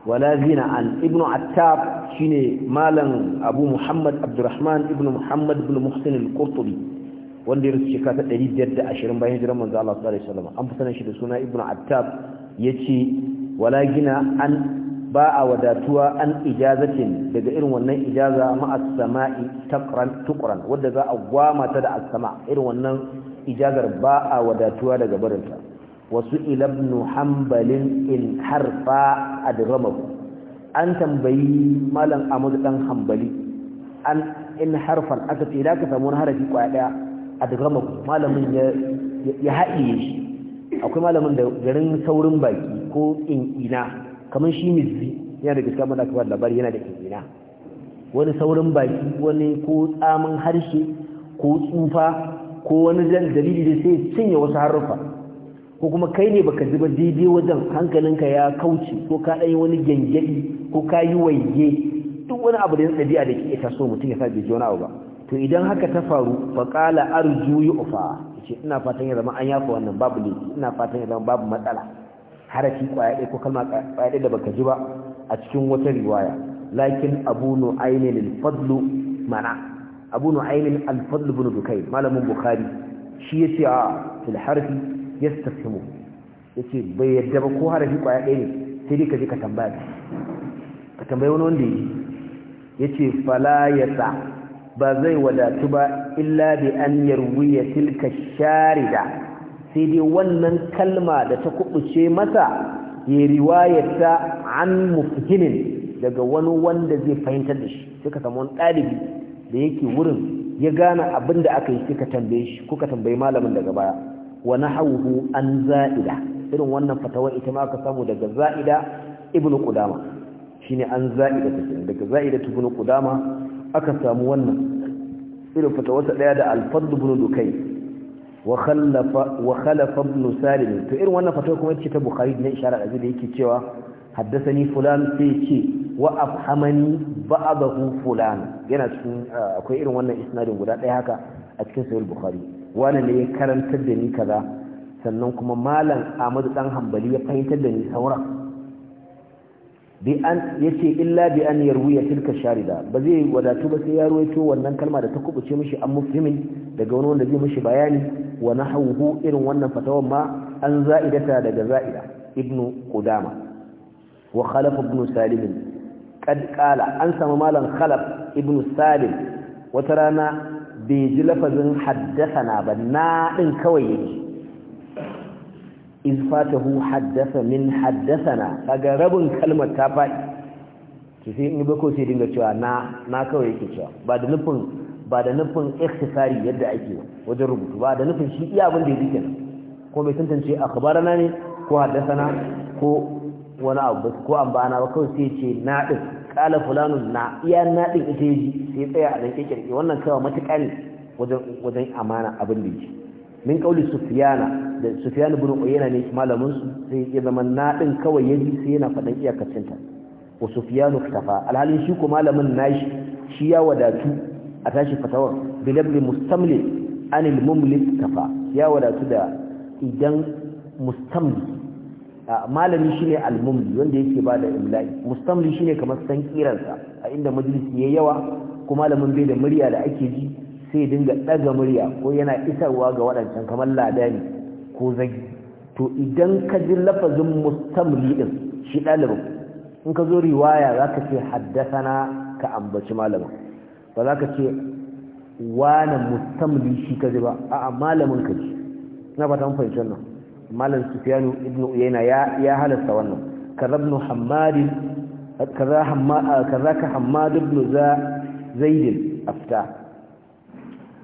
wala ghina an ibnu attab shine malam abu muhammad abdurrahman ibnu muhammad ibn muhsin al-qurtubi wanda ya rusu shekara ta 520 bayan hijirar manzo Allah sallallahu alaihi wasallam an fusana shi da suna ibnu attab yace wala gina an ba a wadatuwa an ijazatin daga irin wannan ijaza ma as-sama'i taqran tuqran wanda za a gwama ta da as-sama irin wannan ijazar ba a wadatuwa daga barinta wasu ilabnu hambalin in harfa adghamahu an tambayi malam amadu dan hambali an in harfan aka ce da ka samu wani harafi kwaya daya adghamahu malamin ya ya shi akwai malamin da garin saurin baki ko in ina kamar shi mizzi yana da gaskiya mana kamar labari yana da ina wani saurin baki wani ko tsamin harshe ko tsufa ko wani dalili da sai cinye wasu harufa ko kuma kai ne baka ji ba daidai wajen hankalinka ya kauce ko ka ɗanyi wani gyangyaɗi ko ka yi waige duk wani abu da yin ɗabi'a da ke ita so mutum ya sa bai jona ba to idan haka ta faru faƙala arju yi ufa ce ina fatan ya zama an yafa wannan babu ne ina fatan ya zama babu matsala harafi kwaya ɗaya ko kalma kwaya da baka ji ba a cikin wata riwaya lakin abu nu'aymin ainihin alfadlu mana abu nu'aymin ainihin alfadlu bin dukai malamin bukhari shi ya ce a filharfi yastafhimu yace bai yadda ba ko harafi kwaya ɗaya ne sai dai ka ka tambaya ka tambaye wani wanda yi yace fala yasa ba zai wadatu ba illa bi an yarwiya tilka sharida sai dai wannan kalma da ta kubuce masa ya riwayata an mufhimin daga wani wanda zai fahimtar da shi sai ka samu wani ɗalibi da yake wurin ya gane abinda aka yi sai ka tambaye shi ko ka tambayi malamin daga baya wa nahawuhu an za'ida irin wannan fatawa ita ma aka samu daga za'ida ibnu qudama shine an za'ida take daga za'ida ibnu qudama aka samu wannan irin fatawa ta daya da al-fadl ibn dukay wa khalafa wa khalafa ibn salim to irin wannan fatawa kuma ce ta bukhari ne ishara da zai yake cewa haddathani fulan sai ce wa afhamani ba'dahu fulan yana cikin ah, akwai irin wannan isnadin guda daya haka a cikin sahih bukhari wani ne ya karantar da ni kaza sannan kuma malam Ahmadu dan hambali ya fahimtar da ni sauran bi ce illa bi an ya tilka sharida ba zai wadatu ba sai ya ruwaito wannan kalma da ta kubuce mishi an mufhimin daga wani wanda zai mishi bayani wa hauhu irin wannan fatawan ma an za'idata daga za'ida ibnu kudama wa khalaf ibnu salim kad an sama malam khalaf ibnu salim wata rana bai ji lafazin haddasana ba na ɗin kawai yake iz fatahu haddasa min haddasana kaga rabin kalmar ta faɗi ki sai in bako sai dinga cewa na kawai yake cewa ba da nufin ba da nufin ikhtisari yadda ake wajen rubutu ba da nufin shi iya abin da yake kenan ko mai tantance na ne ko na ko wani abu ko an bana ba kawai sai ce na din kala fulanun na iya naɗin ita yaji sai tsaya a nan kirki wannan kawa matuƙa ne wajen amana abin da yake min kauli sufiyana da sufyan ibn uyayna ne malamin su sai ya zama naɗin kawai kawai ji sai yana faɗan iyakacin ta wa sufyanu kafa alhalin shi ko malamin nashi shi ya wadatu a tashi fatawar bilabli mustamli anil mumlik tafa ya wadatu da idan mustamli malami shine al-mumli wanda yake bada imla'i mustamli shine kamar san kiransa a inda majalisi yayi yawa ko malamin bai da murya da ake ji sai dinga daga murya ko yana isarwa ga waɗancan kamar ladani ko zagi to idan ka ji lafazin mustamli din shi dalibin in ka zo riwaya zaka ce haddathana ka ambaci malamin ba zaka ce wani mustamli shi ka ba a'a malamin ka ji na fatan fahimtar nan malam sufyanu ibnu uyaina ya ya halasta wannan kaza ibn hammad kaza hamma kaza ka hammad ibn za zaid afta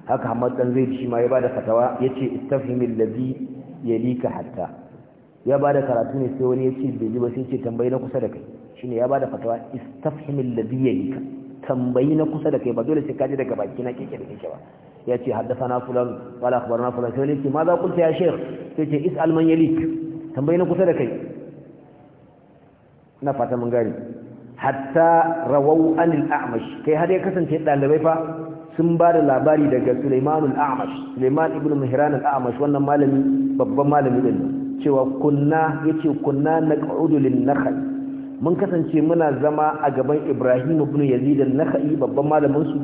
haka hammad dan zaid shi ma ya bada fatawa yace istafhim alladhi yalika hatta ya bada karatu ne sai wani yace bai ji ba sai yace tambayi na kusa da kai shine ya bada fatawa istafhim alladhi yalika tambayi na kusa da kai ba dole sai ka daga baki na kike da kike ba ya ce haddasana fulan wala akhbarana fulan sai ne ma za ku ya sheikh sai ce is'al man yalik tambayi na kusa da kai na fata mun gari hatta rawau anil a'mash kai har ya kasance dalibai fa sun ba da labari daga al A'mash Sulaiman ibn Mihran al-A'mash wannan malami babban malami din cewa kunna yace kunna naq'udu lin-nakhl mun kasance muna zama a gaban Ibrahim ibn Yazid al-Nakhai babban malamin su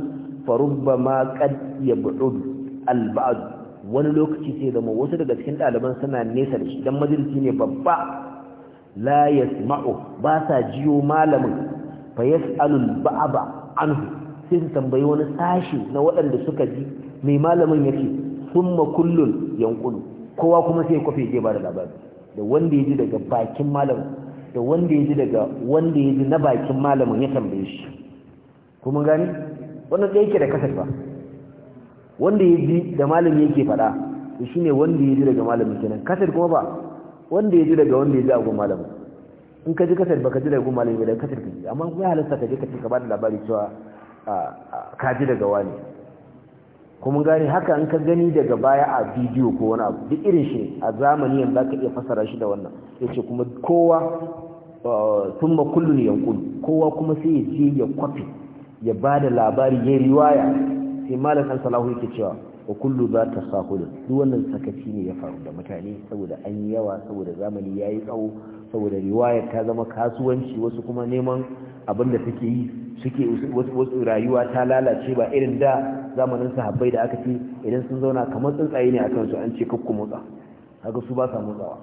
farubba ma qad yab'ud al-ba'd wani lokaci sai zama wasu daga cikin ɗaliban suna nesa da shi dan majalisi ne babba la yasma'u ba sa jiyo malamin fa yas'alu al bad anhu sai su tambayi wani sashi na waɗanda suka ji mai malamin yake summa kullun yanqulu kowa kuma sai kofe je ba da labari da wanda ya ji daga bakin malamin da wanda ya ji daga wanda ya ji na bakin malamin ya tambaye shi kuma gani wannan ɗaya yake da kasar wanda ya ji da malamin yake faɗa to shine wanda ya ji daga malamin kenan kasar kuma ba wanda ya ji daga wanda ya ji a gun malamin in ka ji kasar baka ji daga gun malamin ba daga kasar ka amma kuma ya halatta ka je ka ci ka ba da labari cewa ka ji daga wani kuma gane haka an ka gani daga baya a bidiyo ko wani abu duk irin shi a zamani yanzu aka iya fasara shi da wannan yace kuma kowa sun uh, ma kullun yankun kowa kuma sai ya je ya kwafi ya ba da labari ya riwaya sai malam an salahu yake cewa wa kullu za ta sahulu duk wannan sakaci ne ya faru da mutane saboda an yi yawa saboda zamani ya yi tsawo saboda riwaya ta zama kasuwanci wasu kuma neman abin da take yi suke wasu rayuwa ta lalace ba irin da zamanin sahabbai da aka ce idan sun zauna kamar tsuntsaye ne akan su an ce kakku motsa haka su ba sa motsawa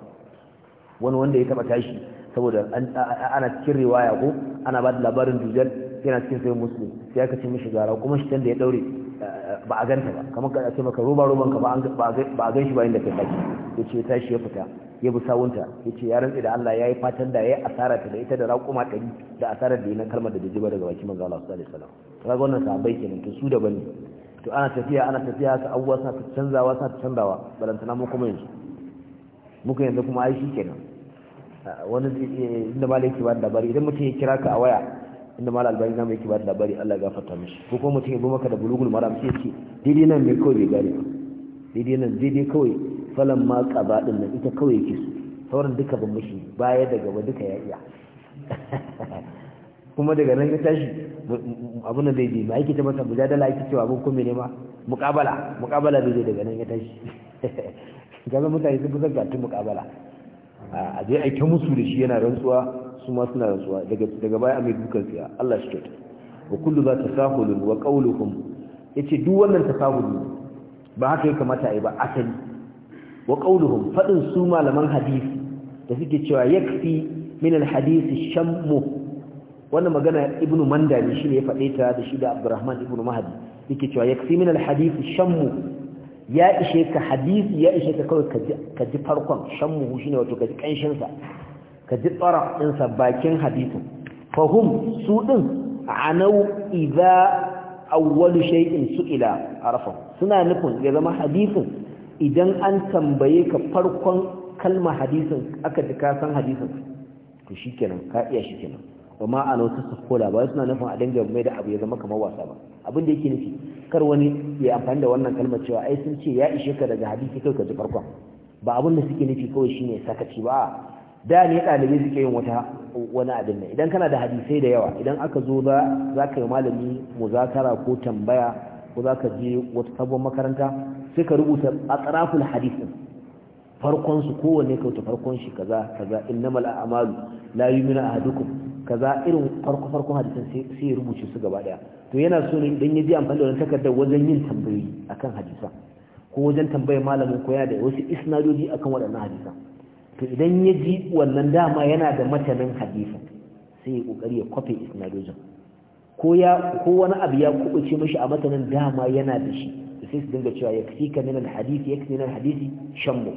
wani wanda ya taba tashi saboda ana cikin riwaya ko ana ba da labarin dujal yana cikin sai musulmi sai aka ce mishi gara kuma shi da ya daure eh, ba a ganta ba kamar ka ce maka roba roban ka ba a gan shi ba inda kai baki ya ce tashi ya fita ya bi sawunta ya ce ya rantsi da Allah ya yi fatan da ya yi asara ta da ita da raƙuma ɗari da asarar da yi na kalmar da bai ba daga baki manzo Allah sallallahu alaihi wasallam kaga wannan sahabbai kenan to su daban ne to ana tafiya ana tafiya ta abubuwa sa ta canzawa sa ta canzawa balantana mu kuma yanzu muka yanzu kuma ai shi kenan eh, wani inda malaki ba da bari idan mutum ya kira ka a waya inda mala albani zama yake ba da labari Allah ya gafarta mishi ko kuma mutum ya bi maka da bulugul maram sai ce daidai nan ne kawai bai gane ba daidai nan daidai kawai falan ma qaba din nan ita kawai yake su sauran duka ban mishi baya da gaba duka ya iya kuma daga nan ya tashi abin da zai ma yake ta masa mujadala yake cewa abin kuma ne ma muqabala muqabala zai daga nan ya tashi kaga mutane sun fi zanga tun muqabala a je aike musu da shi yana rantsuwa su ma suna rasuwa daga baya a mai dukan siya Allah shi kyauta wa kullu za ta tasahulun wa ya ce duk wannan ta tasahulu ba haka ya kamata a yi ba asali wa qawluhum fadin su malaman hadisi da suke cewa yakfi min alhadisi shammu wannan magana ibnu mandani ne ya fade ta da shi da abdurrahman ibnu mahdi yake cewa yakfi min alhadisi shammu ya ishe ka hadisi ya ishe ka kawai ka ji farkon shammu ne wato ka ji kanshin sa ka ji tsara ɗinsa bakin hadisin fahum su ɗin anau idza su ila su'ila arafa suna nufin ya zama hadisin idan an tambaye ka farkon kalma hadisin aka ji kasan san hadisin shi kenan ka iya shikenan amma ana wata sakola ba suna nufin a dangar mai da abu ya zama kamar wasa ba abin da yake nufi kar wani ya amfani da wannan kalmar cewa ai sun ce ya ishe ka daga hadisi kai ka ji farkon ba abin da suke nufi kawai shine sakaci ba da ne ɗalibai suke yin wata wani abin nan idan kana da hadisai da yawa idan aka zo za ka yi malami muzakara ko tambaya ko za ka je wata sabon makaranta sai ka rubuta atraful hadis din farkon su kowanne ka wuce farkon shi kaza kaza innamal a'malu la yu'minu ahadukum kaza irin farko farkon hadisin sai ya rubuce su gaba daya to yana so ne idan ya ji amfani da wannan takardar wajen yin tambayoyi akan hadisan ko wajen tambayar malamin ko ya da wasu isnadoji akan waɗannan hadisan to idan ya ji wannan dama yana da matanin hadisin sai ya kokari ya kwafe isnadojin ko ya ko wani abu ya kubuce mishi a matanin dama yana da shi sai su dinga cewa yakfika min alhadith yakfika min hadisi, shammu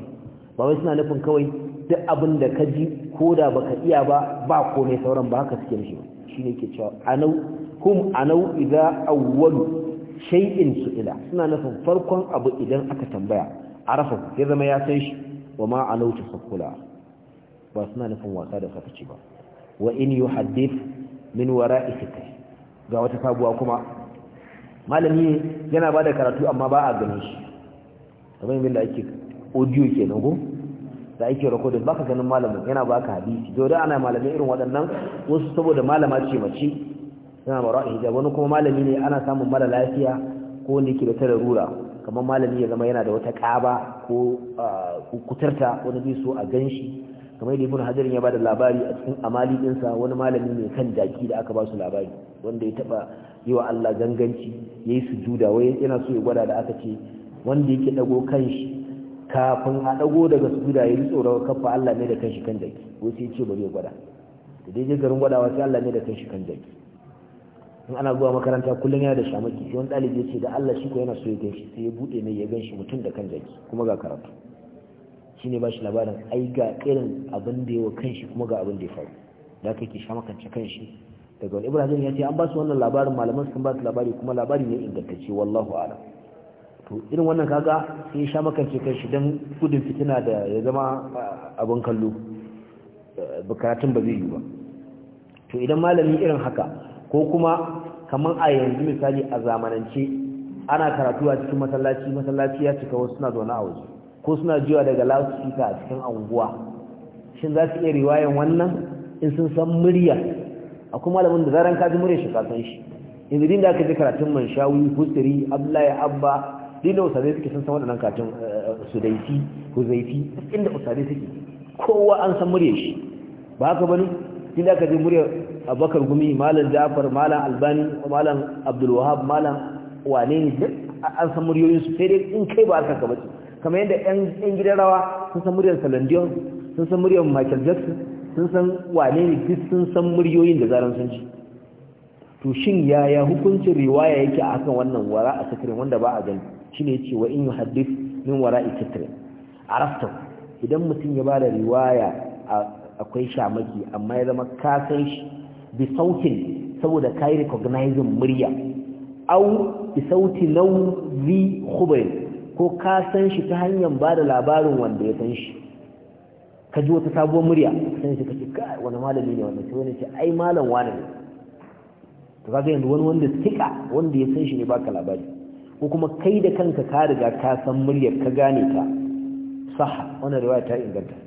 ba wai suna nufin kawai duk abin da ka ji ko da baka iya ba ba komai sauran ba haka suke mishi shine ke cewa anau hum anau idza awwalu shay'in su'ila suna nufin farkon abu idan aka tambaya arafa ya zama ya san shi wa ma alautu sakula ba suna nufin wasa da sakaci ba wa in haddif min wara'i kai. ga wata sabuwa kuma malami yana da karatu amma ba a gani shi kamar da ake audio kenan nago da ake recording baka ganin malamin yana baka hadisi dodo ana malamai irin waɗannan wasu saboda malama ce mace yana ba ra'ayi da wani kuma malami ne ana samun mara lafiya ko wanda yake da ta kamar malami ya zama yana da wata kaba ko kutarta wani zai so a gan shi kamar da ibn hajar ya bada labari a cikin amali dinsa wani malami ne kan daki da aka ba su labari wanda ya taba yi wa Allah ganganci yayi sujuda wai yana so ya gwada da aka ce wanda yake dago kanshi kafin a dago daga sujuda yayi tsoro kafa Allah ne da kanshi kan jaki kai sai ya ce bari ya gwada da dai garin gwadawa sai Allah ne da kanshi kan jaki in ana zuwa makaranta kullum yana da shamaki sai wani ɗalibi ce da Allah shi ko yana so ya ganshi sai ya buɗe mai ya ganshi mutum da kan jaki kuma ga karatu shi ne ba shi labarin ai ga irin abin da yawa kanshi kuma ga abin da ya faru da aka yake shamakance kanshi daga wani ibrahim ya ce an ba su wannan labarin malaman sun ba su labari kuma labari ne ingantacce wallahu alam to irin wannan kaga sai ya shamakance kanshi don gudun fitina da ya zama ah, abin kallo bukatun eh, ba zai yi ba to idan malami irin haka ko kuma kamar a yanzu misali a zamanance ana karatu a cikin masallaci masallaci ya cika wasu suna zaune a waje ko suna jiwa daga loudspeaker a cikin anguwa shin za su iya riwayan wannan in sun san murya akwai malamin da zaran ka ji murya shi kasan shi yanzu din da aka ji karatun man manshawi husiri abdullahi abba da usare suke sun san waɗannan karatun ko eh, zaifi inda usare suke kowa an san murya shi ba haka bane din da aka ji murya abubakar gumi malam jafar malam albani malam abdulwahab malam wane ne duk an san muryoyinsu sai dai in kai ba aka gaba kamar yadda yan gidan rawa sun san muryar salandiyon sun san muryar michael jackson sun san wane ne duk sun san muryoyin da zaran sun ci to shin yaya hukuncin riwaya yake a kan wannan wara a satirin wanda ba a gani shine ce wa in yuhaddith min wara'i a arafta idan mutum ya bada riwaya akwai shamaki amma ya zama kasan shi bi sautin saboda kai recognizing murya au bi sautin law zi khubayr ko ka san shi ta hanyar ba da labarin wanda ya san shi ka ji wata sabuwar murya sai shi kace kai wani malami ne wanda sai wani ce ai malam wani ne to kaga yanzu wani wanda tika wanda ya san shi ne baka labari ko kuma kai da kanka ka riga ka san muryar ka gane ta sah wannan riwaya ta inganta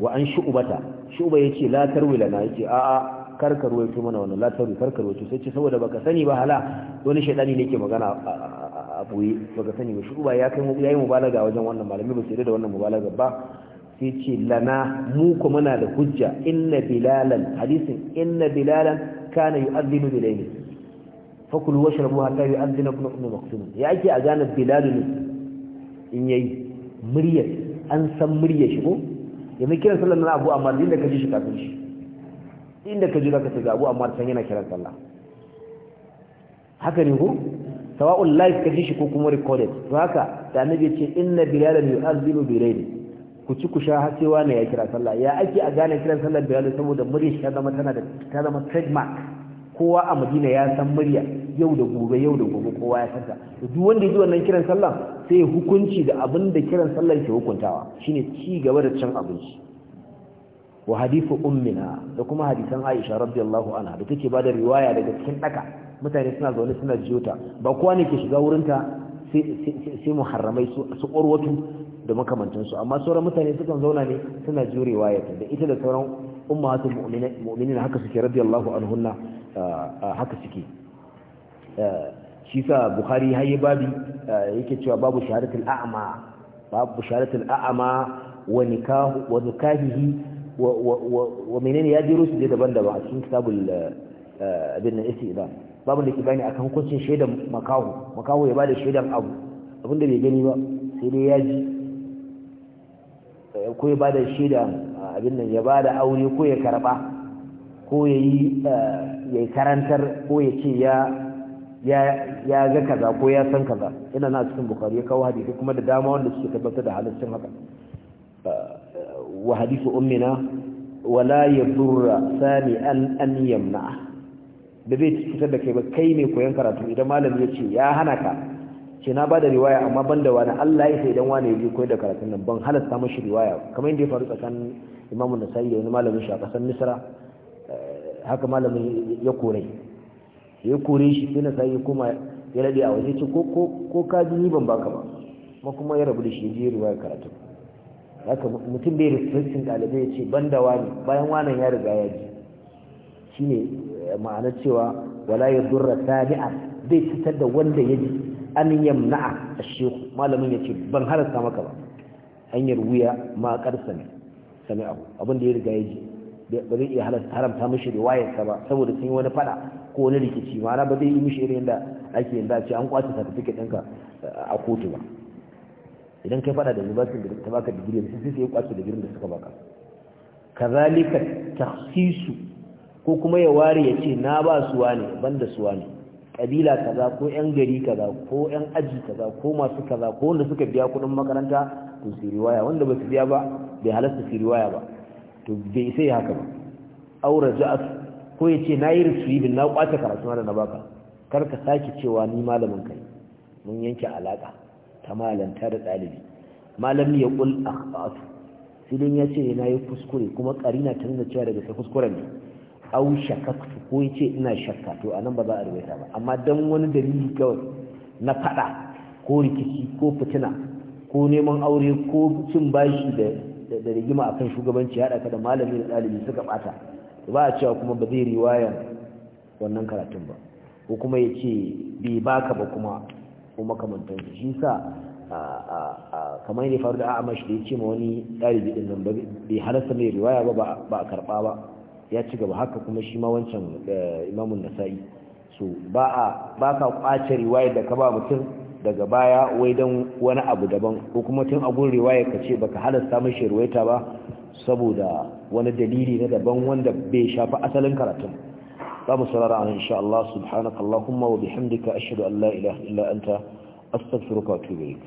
wa an shu'bata shu'ba yace la tarwi lana yace a a karkar wato mana wannan la tarwi karkar wato sai ce saboda baka sani ba hala wani shedani ne yake magana a boye baka sani ba shu'ba ya kai yayi mubalaga wajen wannan malami ba sai da wannan mubalaga ba sai ce lana mu ko muna da hujja inna bilalan hadisin inna bilalan kana yu'adhdhinu bilayli fakulu washrabu hatta yu'adhdhina kullu ibn maqsum ya ake a gane bilal ne in yayi muryar an san muryar shi ko yanzu kiran sallar na abu amma inda ka ji shi kafin shi inda ka ji za ka ce ga abu amma san yana kiran sallah haka ne ko sawa'un live ka ji shi ko kuma recorded to haka da annabi ce inna bilalan yu'azzinu bi layli ku ci ku sha hasewa ne ya kira sallah ya ake a gane kiran sallar bilal saboda murin shi ta zama tana da ta zama trademark kowa a madina ya san murya yau da gobe yau da gobe kowa ya santa duk wanda ya ji wannan kiran sallah sai hukunci da abin da kiran sallah ke hukuntawa shine ci gaba da cin abinci wa hadithu ummina da kuma hadisan Aisha radiyallahu anha da take bada riwaya daga cikin daka mutane suna zaune suna jiyota ba kowa ne ke shiga wurinta sai muharramai su ƙorwatu da makamantansu amma sauran mutane sukan zauna ne suna jiyo riwayata da ita da sauran ummatul mu'minin haka suke radiyallahu anhunna haka suke shi sa bukhari hayi babi yake cewa babu shahadatul a'ma babu shahadatul a'ma wa nikahu wa zakahihi wa wa menene ya jiro su daban-daban a cikin kitabul abin nan istidan babu da ke bani akan hukuncin shaidan makahu makahu ya bada shaidan abu abin da bai gani ba sai dai ya ji ko ya bada shaidan abin nan ya bada aure ko ya karba ko ya yi eh, karantar ko ya ce ya ga kaza ko ya san kaza ina na cikin bukari ya kawo hadisi kuma da dama wanda suke tabbatar da halittun haka eh, wa hadisu ummina wala ya durra sani an an yamna da zai cutar da kai ba kai ne koyon karatu idan malami ya ce ya hana ka ce na ba riwaya amma ban da wani Allah ya sai idan wani ya je koyar da karatun nan ban halatta mashi riwaya kamar yadda ya faru tsakanin imamun nasa'i da wani malamin shi a misra haka malamin ya kore ya kore shi sai na sai ya koma ya rade a waje ce ko ka ji ni ban baka ba kuma kuma ya rabu da shi je ruwa karatu haka mutum ya rufin ɗalibai ya ce ban da wani bayan wanan ya riga ya ji shine eh, ma'ana cewa wala ya durra sabi'a bai fitar da wanda ya ji an yamna'a a shehu malamin ya ce ban harasa maka ba hanyar wuya ma karsa ne sami abu abin da ya riga ya ji ba zai iya haramta mishi riwayarsa ba saboda sun yi wani fada ko wani rikici ma'ana ba zai yi mishi irin da ake yin dace an kwace certificate ɗinka a kotu ba idan kai fada da university da ta baka digiri sai sai ya kwace digirin da suka baka kazalika tahsisu ko kuma ya ware ya ce na ba suwa ne banda suwa ne kabila kaza ko yan gari kaza ko yan aji kaza ko masu kaza ko wanda suka biya kuɗin makaranta to su riwaya wanda ba su biya ba bai halasta su riwaya ba to bai sai haka ba aure ja'at ko yace nayi ritsibin na kwace karatu na da baka kar ka sake cewa ni malamin kai mun yanke alaka ta malanta da dalibi malam ya kul akhfa'at sidin yace nayi kuskure kuma karina ta nuna cewa daga sai kuskuren ne au shakaktu ko yace ina shakka to nan ba za a rubuta ba amma dan wani dalili kawai na fada ko rikici ko fitina ko neman aure ko cin bashi da da rigima akan shugabanci haɗa ka da malami da ɗalibi suka ɓata ba a cewa kuma ba zai riwayan wannan karatun ba ko kuma ya ce bai baka ba kuma kuma kamantar shi sa kamar yadda faru da amash da ya ce ma wani ɗalibi ɗin nan bai halarta mai riwaya ba ba a karɓa ba ya ci gaba haka kuma shi ma wancan eh, imamun nasa'i so ba ka ƙwace riwayar da ka ba mutum daga baya wai don wani abu daban ko kuma tun abun riwaya ka ce baka halasta mashi ruwaita ba saboda wani dalili na daban wanda bai shafi asalin karatun za mu sarara an insha Allah subhanakallahumma wa bihamdika ashhadu an la ilaha illa anta astaghfiruka wa atubu ilayk